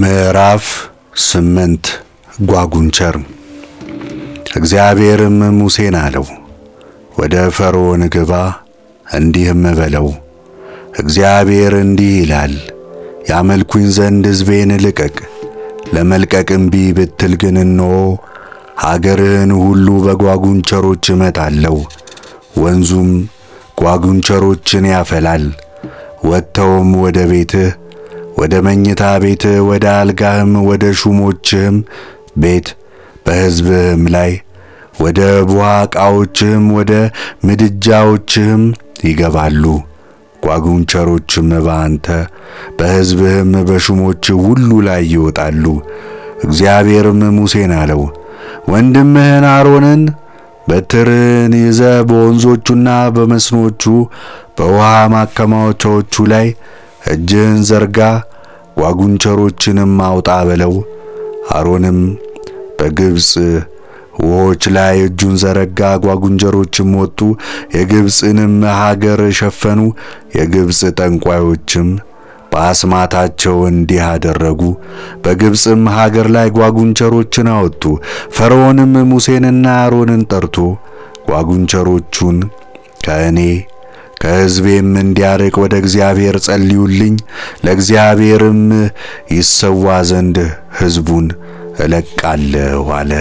ምዕራፍ ስምንት ጓጉንቸር። እግዚአብሔርም ሙሴን አለው፣ ወደ ፈርዖን ግባ፣ እንዲህም በለው፣ እግዚአብሔር እንዲህ ይላል፣ ያመልኩኝ ዘንድ ሕዝቤን ልቀቅ። ለመልቀቅ እምቢ ብትል ግን እንሆ ሀገርህን ሁሉ በጓጉንቸሮች እመታለሁ፣ ወንዙም ጓጉንቸሮችን ያፈላል፣ ወጥተውም ወደ ቤትህ ወደ መኝታ ቤት ወደ አልጋህም፣ ወደ ሹሞችህም ቤት በሕዝብህም ላይ ወደ ቡሃቃዎችህም ወደ ምድጃዎችህም ይገባሉ። ጓጉንቸሮችም በአንተ በሕዝብህም በሹሞች ሁሉ ላይ ይወጣሉ። እግዚአብሔርም ሙሴን አለው፣ ወንድምህን አሮንን በትርን ይዘ በወንዞቹና በመስኖቹ በውሃ ማከማቻዎቹ ላይ እጅህን ዘርጋ ጓጉንቸሮችንም አውጣ በለው። አሮንም በግብፅ ውሆች ላይ እጁን ዘረጋ፣ ጓጉንቸሮችም ወጡ፣ የግብፅንም ሀገር ሸፈኑ። የግብፅ ጠንቋዮችም በአስማታቸው እንዲህ አደረጉ። በግብፅም ሀገር ላይ ጓጉንቸሮችን አወጡ። ፈርዖንም ሙሴንና አሮንን ጠርቶ ጓጉንቸሮቹን ከእኔ ከሕዝቤም እንዲያርቅ ወደ እግዚአብሔር ጸልዩልኝ፣ ለእግዚአብሔርም ይሰዋ ዘንድ ሕዝቡን እለቃለሁ አለ።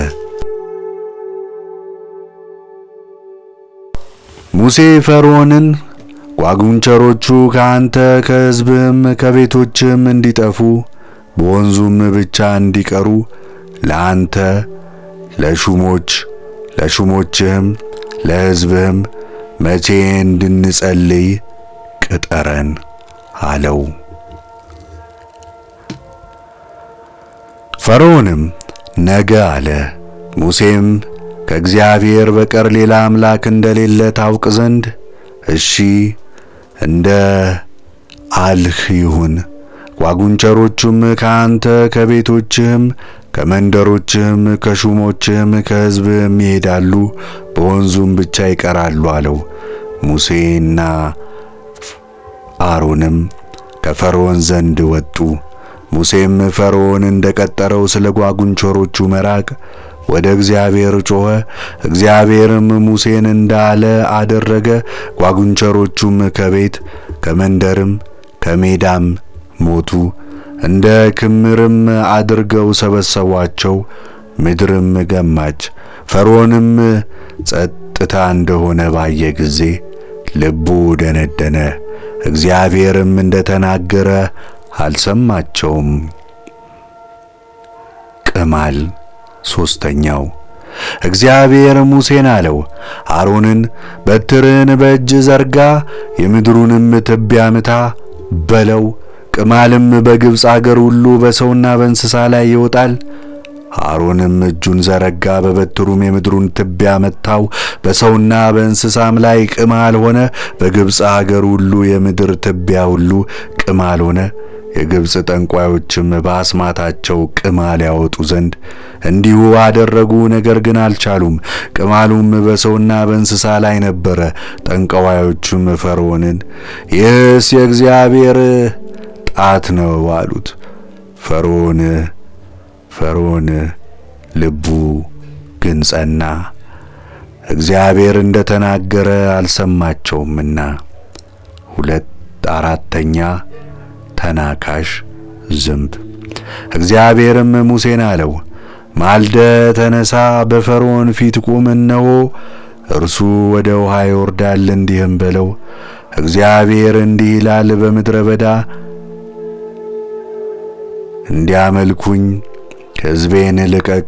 ሙሴ ፈርዖንን ጓጉንቸሮቹ ከአንተ ከሕዝብህም ከቤቶችህም እንዲጠፉ በወንዙም ብቻ እንዲቀሩ ለአንተ ለሹሞች ለሹሞችህም ለሕዝብህም መቼ እንድንጸልይ ቅጠረን አለው። ፈርዖንም ነገ አለ። ሙሴም ከእግዚአብሔር በቀር ሌላ አምላክ እንደሌለ ታውቅ ዘንድ እሺ እንደ አልህ ይሁን። ጓጉንቸሮቹም ከአንተ ከቤቶችህም ከመንደሮችህም ከሹሞችህም ከሕዝብህም ይሄዳሉ፣ በወንዙም ብቻ ይቀራሉ አለው። ሙሴና አሮንም ከፈርዖን ዘንድ ወጡ። ሙሴም ፈርዖን እንደቀጠረው ስለ ጓጉንቾሮቹ መራቅ ወደ እግዚአብሔር ጮኸ። እግዚአብሔርም ሙሴን እንዳለ አደረገ። ጓጉንቸሮቹም ከቤት ከመንደርም ከሜዳም ሞቱ። እንደ ክምርም አድርገው ሰበሰቧቸው፣ ምድርም ገማች። ፈርዖንም ጸጥታ እንደሆነ ባየ ጊዜ ልቡ ደነደነ፣ እግዚአብሔርም እንደተናገረ አልሰማቸውም። ቅማል ሦስተኛው እግዚአብሔር ሙሴን አለው፣ አሮንን በትርህን በእጅ ዘርጋ፣ የምድሩንም ትቢያ ምታ በለው። ቅማልም በግብፅ አገር ሁሉ በሰውና በእንስሳ ላይ ይወጣል። አሮንም እጁን ዘረጋ፣ በበትሩም የምድሩን ትቢያ መታው። በሰውና በእንስሳም ላይ ቅማል ሆነ። በግብፅ አገር ሁሉ የምድር ትቢያ ሁሉ ቅማል ሆነ። የግብፅ ጠንቋዮችም በአስማታቸው ቅማል ያወጡ ዘንድ እንዲሁ አደረጉ፣ ነገር ግን አልቻሉም። ቅማሉም በሰውና በእንስሳ ላይ ነበረ። ጠንቋዮቹም ፈርዖንን ይህስ የእግዚአብሔር ጣት ነው አሉት። ፈርዖን ፈርዖን ልቡ ግን ጸና፣ እግዚአብሔር እንደ ተናገረ አልሰማቸውምና። ሁለት አራተኛ ተናካሽ ዝንብ። እግዚአብሔርም ሙሴን አለው፣ ማልደ ተነሳ፣ በፈርዖን ፊት ቁም፣ እነሆ እርሱ ወደ ውሃ ይወርዳል። እንዲህም በለው እግዚአብሔር እንዲህ ይላል፣ በምድረ በዳ እንዲያመልኩኝ ሕዝቤን ልቀቅ።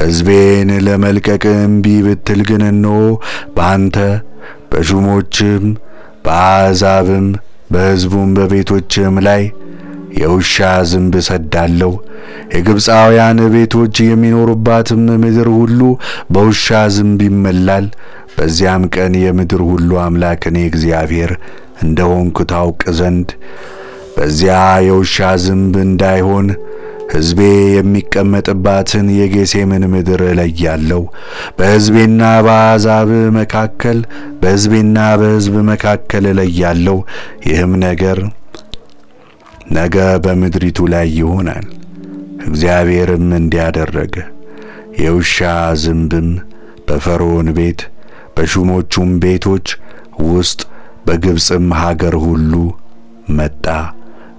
ሕዝቤን ለመልቀቅ እምቢ ብትል ግን በአንተ በሹሞችም በአሕዛብም በሕዝቡም በቤቶችም ላይ የውሻ ዝንብ ሰዳለሁ። የግብፃውያን ቤቶች የሚኖሩባትም ምድር ሁሉ በውሻ ዝንብ ይመላል። በዚያም ቀን የምድር ሁሉ አምላክ እኔ እግዚአብሔር ሆንኩ ታውቅ ዘንድ በዚያ የውሻ ዝንብ እንዳይሆን ሕዝቤ የሚቀመጥባትን የጌሴምን ምድር እለያለሁ። በሕዝቤና በአሕዛብ መካከል በሕዝቤና በሕዝብ መካከል እለያለሁ። ይህም ነገር ነገ በምድሪቱ ላይ ይሆናል። እግዚአብሔርም እንዲያደረገ የውሻ ዝንብም በፈርዖን ቤት በሹሞቹም ቤቶች ውስጥ በግብፅም ሀገር ሁሉ መጣ።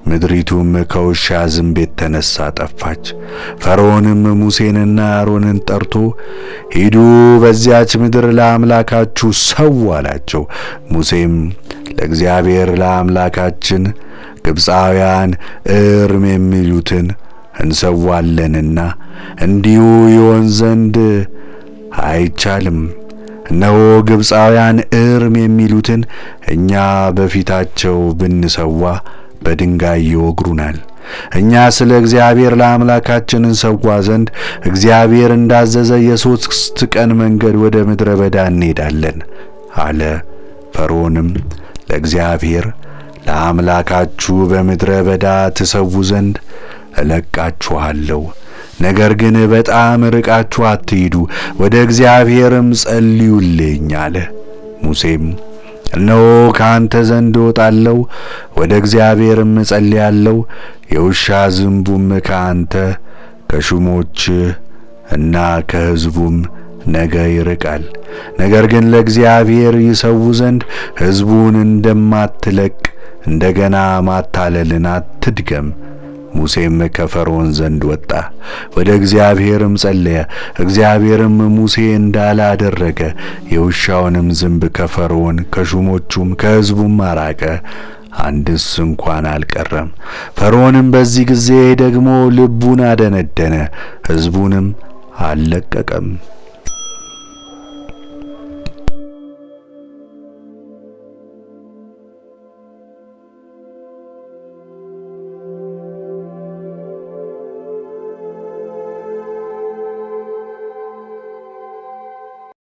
ምድሪቱም ከውሻ ዝንብ የተነሳ ጠፋች። ፈርዖንም ሙሴንና አሮንን ጠርቶ ሂዱ፣ በዚያች ምድር ለአምላካችሁ ሰው አላቸው። ሙሴም ለእግዚአብሔር ለአምላካችን ግብፃውያን እርም የሚሉትን እንሰዋለንና እንዲሁ ይሆን ዘንድ አይቻልም። እነሆ ግብፃውያን እርም የሚሉትን እኛ በፊታቸው ብንሰዋ በድንጋይ ይወግሩናል። እኛ ስለ እግዚአብሔር ለአምላካችን እንሰዋ ዘንድ እግዚአብሔር እንዳዘዘ የሦስት ቀን መንገድ ወደ ምድረ በዳ እንሄዳለን አለ። ፈርዖንም ለእግዚአብሔር ለአምላካችሁ በምድረ በዳ ትሰዉ ዘንድ እለቃችኋለሁ፣ ነገር ግን በጣም ርቃችሁ አትሂዱ፣ ወደ እግዚአብሔርም ጸልዩልኝ አለ። ሙሴም እነሆ ከአንተ ዘንድ እወጣለሁ፣ ወደ እግዚአብሔርም እጸልያለሁ። የውሻ ዝንቡም ከአንተ ከሹሞች እና ከሕዝቡም ነገ ይርቃል። ነገር ግን ለእግዚአብሔር ይሰው ዘንድ ሕዝቡን እንደማትለቅ እንደገና ማታለልን አትድገም። ሙሴም ከፈርዖን ዘንድ ወጣ፣ ወደ እግዚአብሔርም ጸለየ። እግዚአብሔርም ሙሴ እንዳለ አደረገ። የውሻውንም ዝንብ ከፈርዖን ከሹሞቹም ከሕዝቡም አራቀ፣ አንድስ እንኳን አልቀረም። ፈርዖንም በዚህ ጊዜ ደግሞ ልቡን አደነደነ፣ ሕዝቡንም አልለቀቀም።